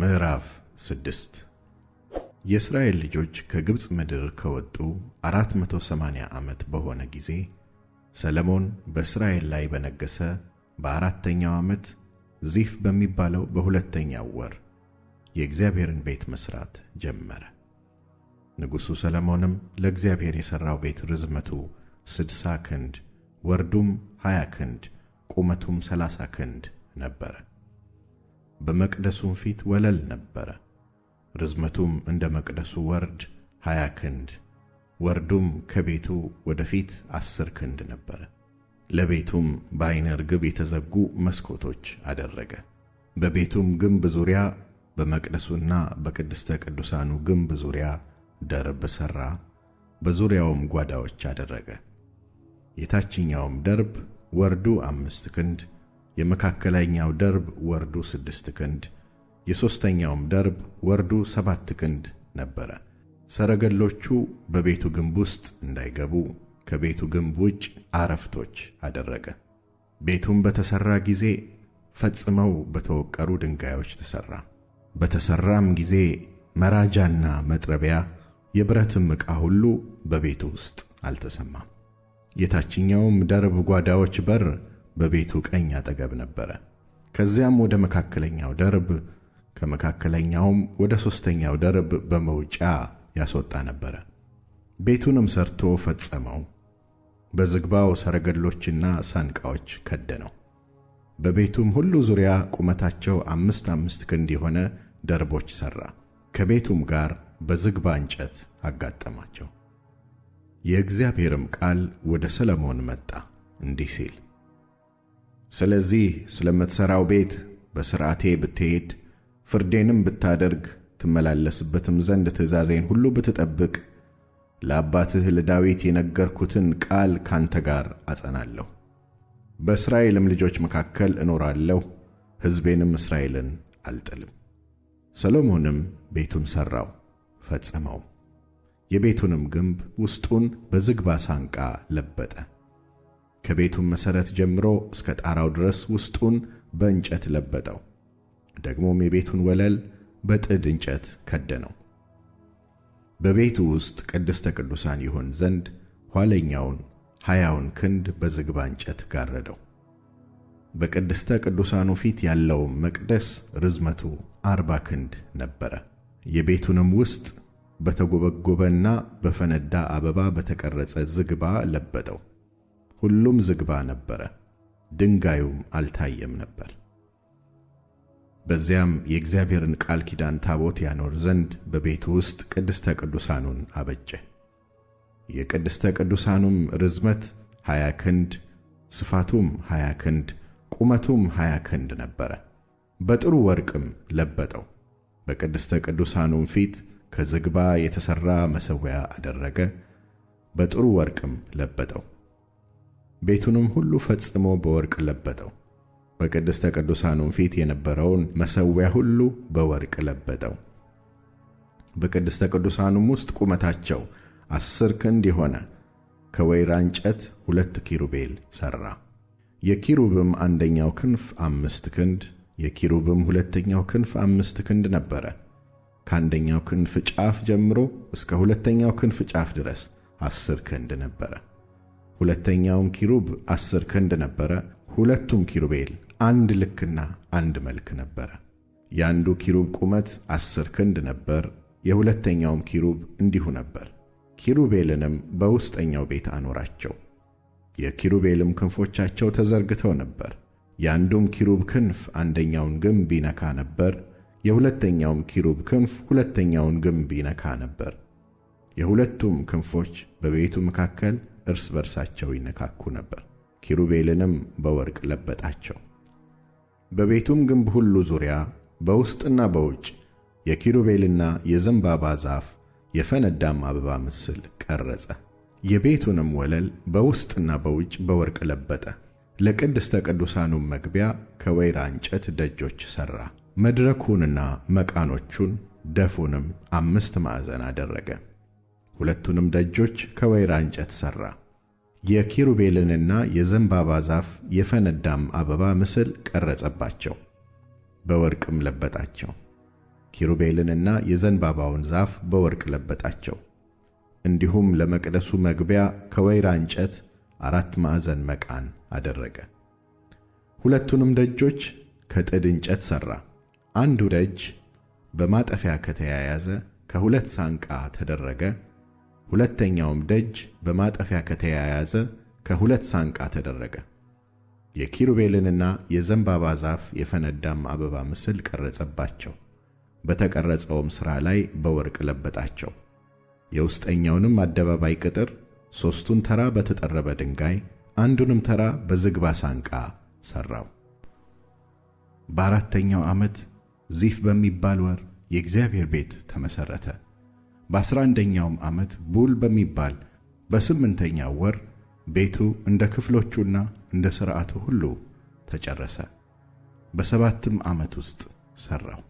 ምዕራፍ ስድስት የእስራኤል ልጆች ከግብፅ ምድር ከወጡ 480 ዓመት በሆነ ጊዜ ሰለሞን በእስራኤል ላይ በነገሰ በአራተኛው ዓመት ዚፍ በሚባለው በሁለተኛው ወር የእግዚአብሔርን ቤት መስራት ጀመረ። ንጉሱ ሰለሞንም ለእግዚአብሔር የሰራው ቤት ርዝመቱ 60 ክንድ ወርዱም 20 ክንድ ቁመቱም 30 ክንድ ነበረ። በመቅደሱም ፊት ወለል ነበረ። ርዝመቱም እንደ መቅደሱ ወርድ ሀያ ክንድ ወርዱም ከቤቱ ወደፊት አስር ክንድ ነበረ። ለቤቱም በዓይነ ርግብ የተዘጉ መስኮቶች አደረገ። በቤቱም ግንብ ዙሪያ በመቅደሱና በቅድስተ ቅዱሳኑ ግንብ ዙሪያ ደርብ ሠራ፣ በዙሪያውም ጓዳዎች አደረገ። የታችኛውም ደርብ ወርዱ አምስት ክንድ የመካከለኛው ደርብ ወርዱ ስድስት ክንድ የሦስተኛውም ደርብ ወርዱ ሰባት ክንድ ነበረ። ሰረገሎቹ በቤቱ ግንብ ውስጥ እንዳይገቡ ከቤቱ ግንብ ውጭ አረፍቶች አደረገ። ቤቱም በተሠራ ጊዜ ፈጽመው በተወቀሩ ድንጋዮች ተሠራ። በተሠራም ጊዜ መራጃና መጥረቢያ የብረትም ዕቃ ሁሉ በቤቱ ውስጥ አልተሰማም። የታችኛውም ደርብ ጓዳዎች በር በቤቱ ቀኝ አጠገብ ነበረ። ከዚያም ወደ መካከለኛው ደርብ ከመካከለኛውም ወደ ሦስተኛው ደርብ በመውጫ ያስወጣ ነበረ። ቤቱንም ሰርቶ ፈጸመው፤ በዝግባው ሰረገሎችና ሳንቃዎች ከደነው። በቤቱም ሁሉ ዙሪያ ቁመታቸው አምስት አምስት ክንድ የሆነ ደርቦች ሠራ፤ ከቤቱም ጋር በዝግባ እንጨት አጋጠማቸው። የእግዚአብሔርም ቃል ወደ ሰለሞን መጣ እንዲህ ሲል ስለዚህ ስለምትሠራው ቤት በሥርዓቴ ብትሄድ ፍርዴንም ብታደርግ ትመላለስበትም ዘንድ ትእዛዜን ሁሉ ብትጠብቅ ለአባትህ ለዳዊት የነገርኩትን ቃል ካንተ ጋር አጸናለሁ፣ በእስራኤልም ልጆች መካከል እኖራለሁ፣ ሕዝቤንም እስራኤልን አልጥልም። ሰሎሞንም ቤቱን ሠራው ፈጸመው። የቤቱንም ግንብ ውስጡን በዝግባ ሳንቃ ለበጠ። ከቤቱም መሠረት ጀምሮ እስከ ጣራው ድረስ ውስጡን በእንጨት ለበጠው። ደግሞም የቤቱን ወለል በጥድ እንጨት ከደነው። በቤቱ ውስጥ ቅድስተ ቅዱሳን ይሆን ዘንድ ኋለኛውን ሀያውን ክንድ በዝግባ እንጨት ጋረደው። በቅድስተ ቅዱሳኑ ፊት ያለው መቅደስ ርዝመቱ አርባ ክንድ ነበረ። የቤቱንም ውስጥ በተጎበጎበና በፈነዳ አበባ በተቀረጸ ዝግባ ለበጠው። ሁሉም ዝግባ ነበረ፣ ድንጋዩም አልታየም ነበር። በዚያም የእግዚአብሔርን ቃል ኪዳን ታቦት ያኖር ዘንድ በቤቱ ውስጥ ቅድስተ ቅዱሳኑን አበጀ። የቅድስተ ቅዱሳኑም ርዝመት ሀያ ክንድ ስፋቱም ሀያ ክንድ ቁመቱም ሀያ ክንድ ነበረ። በጥሩ ወርቅም ለበጠው። በቅድስተ ቅዱሳኑም ፊት ከዝግባ የተሠራ መሠዊያ አደረገ፣ በጥሩ ወርቅም ለበጠው። ቤቱንም ሁሉ ፈጽሞ በወርቅ ለበጠው። በቅድስተ ቅዱሳኑም ፊት የነበረውን መሠዊያ ሁሉ በወርቅ ለበጠው። በቅድስተ ቅዱሳኑም ውስጥ ቁመታቸው አስር ክንድ የሆነ ከወይራ እንጨት ሁለት ኪሩቤል ሠራ። የኪሩብም አንደኛው ክንፍ አምስት ክንድ፣ የኪሩብም ሁለተኛው ክንፍ አምስት ክንድ ነበረ። ከአንደኛው ክንፍ ጫፍ ጀምሮ እስከ ሁለተኛው ክንፍ ጫፍ ድረስ አስር ክንድ ነበረ። ሁለተኛውም ኪሩብ አስር ክንድ ነበረ። ሁለቱም ኪሩቤል አንድ ልክና አንድ መልክ ነበረ። የአንዱ ኪሩብ ቁመት አስር ክንድ ነበር፣ የሁለተኛውም ኪሩብ እንዲሁ ነበር። ኪሩቤልንም በውስጠኛው ቤት አኖራቸው። የኪሩቤልም ክንፎቻቸው ተዘርግተው ነበር። የአንዱም ኪሩብ ክንፍ አንደኛውን ግንብ ይነካ ነበር፣ የሁለተኛውም ኪሩብ ክንፍ ሁለተኛውን ግንብ ይነካ ነበር። የሁለቱም ክንፎች በቤቱ መካከል እርስ በርሳቸው ይነካኩ ነበር። ኪሩቤልንም በወርቅ ለበጣቸው። በቤቱም ግንብ ሁሉ ዙሪያ በውስጥና በውጭ የኪሩቤልና የዘንባባ ዛፍ የፈነዳም አበባ ምስል ቀረጸ። የቤቱንም ወለል በውስጥና በውጭ በወርቅ ለበጠ። ለቅድስተ ቅዱሳኑም መግቢያ ከወይራ እንጨት ደጆች ሠራ። መድረኩንና መቃኖቹን ደፉንም አምስት ማዕዘን አደረገ። ሁለቱንም ደጆች ከወይራ እንጨት ሠራ። የኪሩቤልንና የዘንባባ ዛፍ የፈነዳም አበባ ምስል ቀረጸባቸው፣ በወርቅም ለበጣቸው። ኪሩቤልንና የዘንባባውን ዛፍ በወርቅ ለበጣቸው። እንዲሁም ለመቅደሱ መግቢያ ከወይራ እንጨት አራት ማዕዘን መቃን አደረገ። ሁለቱንም ደጆች ከጥድ እንጨት ሠራ። አንዱ ደጅ በማጠፊያ ከተያያዘ ከሁለት ሳንቃ ተደረገ። ሁለተኛውም ደጅ በማጠፊያ ከተያያዘ ከሁለት ሳንቃ ተደረገ። የኪሩቤልንና የዘንባባ ዛፍ የፈነዳም አበባ ምስል ቀረጸባቸው። በተቀረጸውም ሥራ ላይ በወርቅ ለበጣቸው። የውስጠኛውንም አደባባይ ቅጥር ሦስቱን ተራ በተጠረበ ድንጋይ፣ አንዱንም ተራ በዝግባ ሳንቃ ሠራው። በአራተኛው ዓመት ዚፍ በሚባል ወር የእግዚአብሔር ቤት ተመሠረተ። በ 11 ኛውም ዓመት ቡል በሚባል በስምንተኛው ወር ቤቱ እንደ ክፍሎቹና እንደ ሥርዓቱ ሁሉ ተጨረሰ። በሰባትም ዓመት ውስጥ ሠራው።